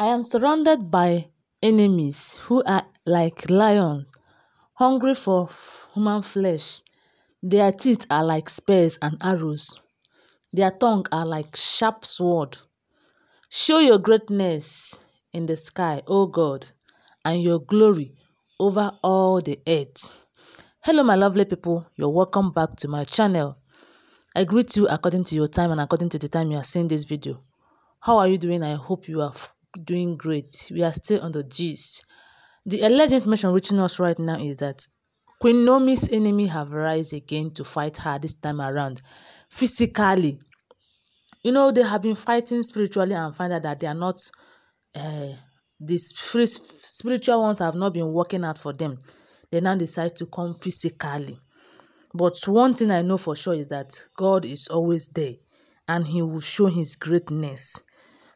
I am surrounded by enemies who are like lions, hungry for human flesh. Their teeth are like spears and arrows. Their tongue are like sharp sword. Show your greatness in the sky, O God, and your glory over all the earth. Hello, my lovely people. You're welcome back to my channel. I greet you according to your time and according to the time you are seeing this video. How are you doing? I hope you are doing great. We are still on the G's. The alleged information reaching us right now is that Queen Nomi's enemy have rise again to fight her this time around, physically. You know, they have been fighting spiritually and find out that they are not, uh, the spiritual ones have not been working out for them. They now decide to come physically. But one thing I know for sure is that God is always there and he will show his greatness.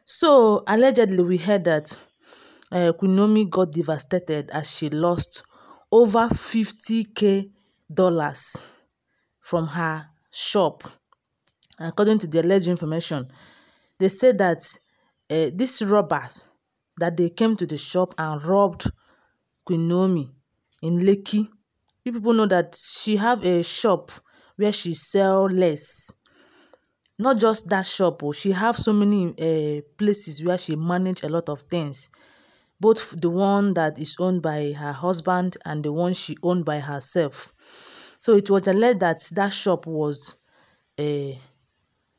So allegedly, we heard that uh, eh, Kunomi got devastated as she lost over 50k dollars from her shop. According to the alleged information, they said that uh, these robbers that they came to the shop and robbed Kunomi in Leki. You people know that she have a shop where she sell lace not just that shop oh she have so many uh, places where she manage a lot of things both the one that is owned by her husband and the one she owned by herself so it was alleged that that shop was uh,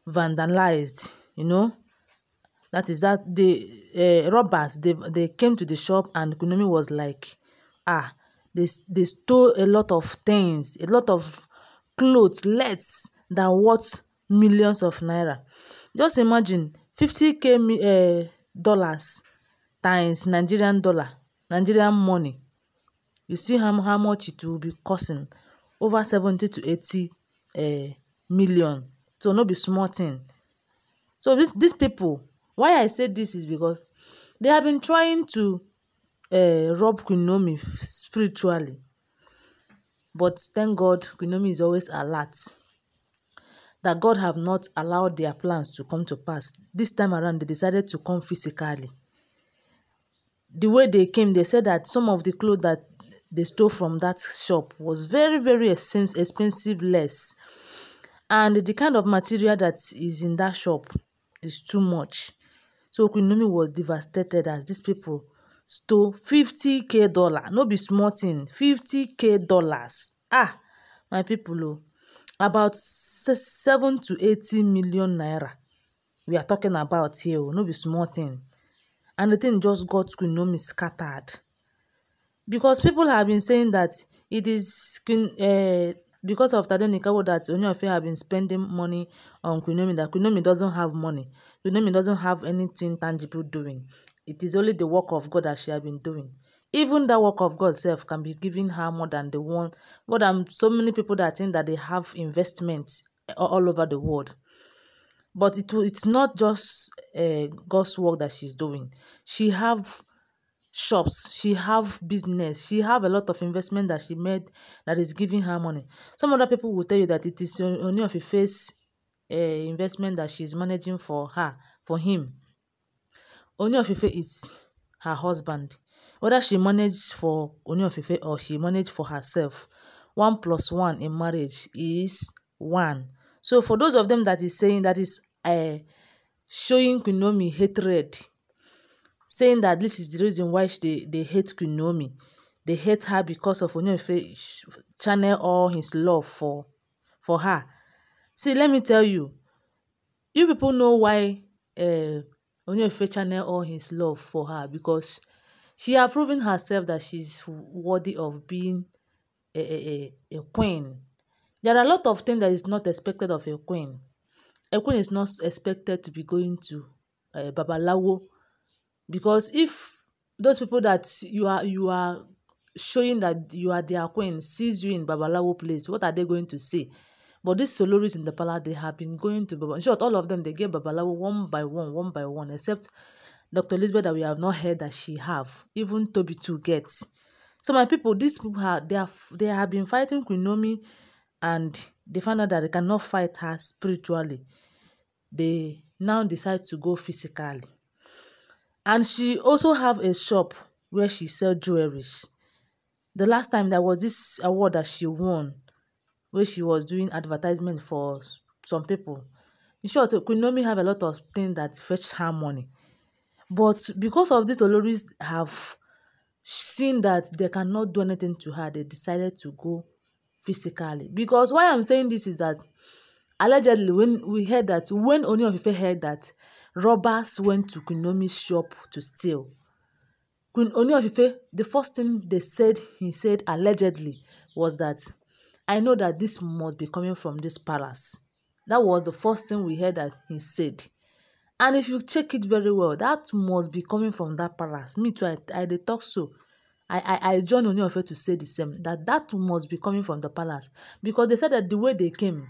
vandalized you know that is that the uh, robbers they they came to the shop and kunomi was like ah they, they stole a lot of things a lot of clothes lets than what millions of naira just imagine fifty k um dollars times nigerian dollar nigerian money you see how, how much it will be costing over seventy to eighty um million so no be small thing so this these people why i say this is because they have been trying to uh, rob Kunomi spiritually but thank god Kunomi is always alert that God have not allowed their plans to come to pass. This time around, they decided to come physically. The way they came, they said that some of the clothes that they stole from that shop was very, very expensive less. And the kind of material that is in that shop is too much. So Okunomi was devastated as these people stole 50k dollar. No be small thing, 50k dollars. Ah, my people, oh. about seven to eighty million naira we are talking about here o oh, no be small thing and the thing just got Queen Naomi scattered because people have been saying that it is Queen uh, because of Tade Nikawo that Onyofe have been spending money on Queen Naomi that Queen Naomi doesn't have money Queen Naomi doesn't have anything tangible doing it is only the work of God that she have been doing even that work of God self can be giving her more than the one, more than so many people that think that they have investments eh, all over the world. But it it's not just uh, God's work that she's doing. She have shops, she have business, she have a lot of investment that she made that is giving her money. Some other people will tell you that it is only of a face uh, investment that she's managing for her, for him. Only of face is her husband whether she manage for Ooni or she manage for herself. One plus one in marriage is one. So for those of them that is saying that is uh, showing Kunomi hatred, saying that this is the reason why she, they, they hate Kunomi, they hate her because of Ooni channel all his love for for her. See, let me tell you, you people know why uh, Ooni channel all his love for her because She had proven herself that she's worthy of being a, a, a, queen. There are a lot of things that is not expected of a queen. A queen is not expected to be going to uh, eh, Babalawo because if those people that you are you are showing that you are their queen sees you in Babalawo place, what are they going to say? But these Soloris in the palace, they have been going to Babalawo. In short, all of them, they get Babalawo one by one, one by one, except Dr. Elizabeth that we have not heard that she have, even Toby too gets. So my people, these people have they have they have been fighting Queen and they found out that they cannot fight her spiritually. They now decide to go physically. And she also have a shop where she sell jewelry. The last time there was this award that she won, where she was doing advertisement for some people. In short, Queen have a lot of things that fetch her money. But because of this, Oloris have seen that they cannot do anything to her. They decided to go physically. Because why I'm saying this is that allegedly when we heard that when Oni of heard that robbers went to Kunomi's shop to steal, Kun Oni of the first thing they said, he said allegedly, was that I know that this must be coming from this palace. That was the first thing we heard that he said and if you check it very well that must be coming from that palace me too i i dey talk so i i i join Ooni of Ife to say the same that that must be coming from the palace because they said that the way they came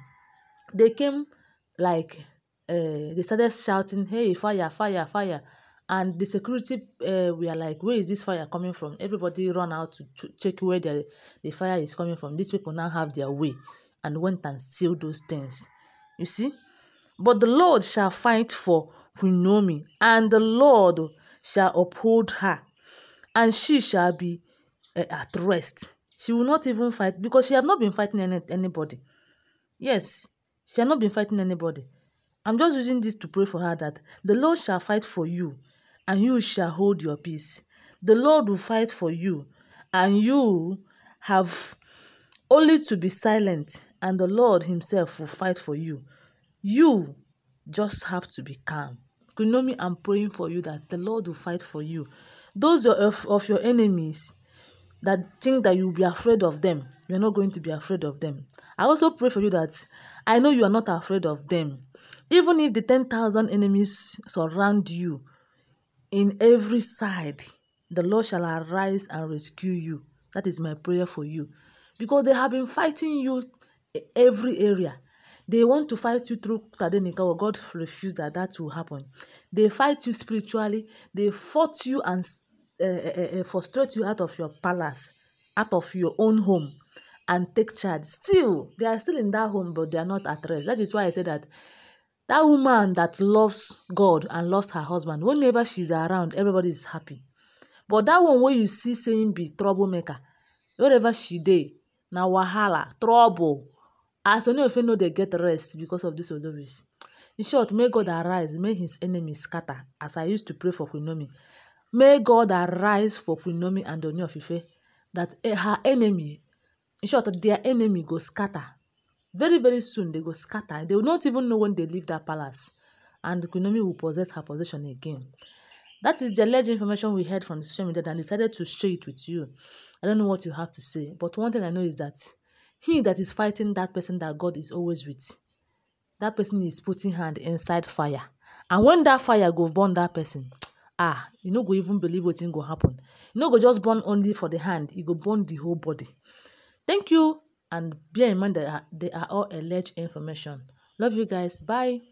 they came like uh, they started shouting hey fire fire fire and the security uh, eh, were like where is this fire coming from everybody run out to ch check where the, the fire is coming from these people now have their way and went and steal those things you see But the Lord shall fight for Renomi, and the Lord shall uphold her, and she shall be uh, at rest. She will not even fight because she have not been fighting any, anybody. Yes, she has not been fighting anybody. I'm just using this to pray for her that the Lord shall fight for you, and you shall hold your peace. The Lord will fight for you, and you have only to be silent, and the Lord Himself will fight for you. You just have to be calm. You know me. I'm praying for you that the Lord will fight for you. Those of, of your enemies that think that you'll be afraid of them, you're not going to be afraid of them. I also pray for you that I know you are not afraid of them. Even if the 10,000 enemies surround you in every side, the Lord shall arise and rescue you. That is my prayer for you. Because they have been fighting you every area. They want to fight you through Tadenikawa. God refused that that will happen. They fight you spiritually. They fought you and uh, uh, uh, frustrate you out of your palace, out of your own home, and take charge. Still, they are still in that home, but they are not at rest. That is why I say that that woman that loves God and loves her husband, whenever she is around, everybody is happy. But that one where you see saying be troublemaker, wherever she dey, na wahala, trouble, as Onyefe know, they get rest because of dis Oloris. In short, may God arise, may his enemies scatter, as I used to pray for Funomi, May God arise for Queen Naomi and Onyefe, that e, her enemy, in short, their enemy go scatter. Very, very soon they go scatter. They will not even know when they leave that palace. And Funomi will possess her position again. That is the alleged information we heard from the social media and decided to share it with you. I don't know what you have to say, but one thing I know is that He that is fighting that person that God is always with, that person is putting hand inside fire. And when that fire go burn that person, ah, you no go even believe what go happen. You no go just burn only for the hand, you go burn the whole body. Thank you, and bear in mind that they are all alleged information. Love you guys. Bye.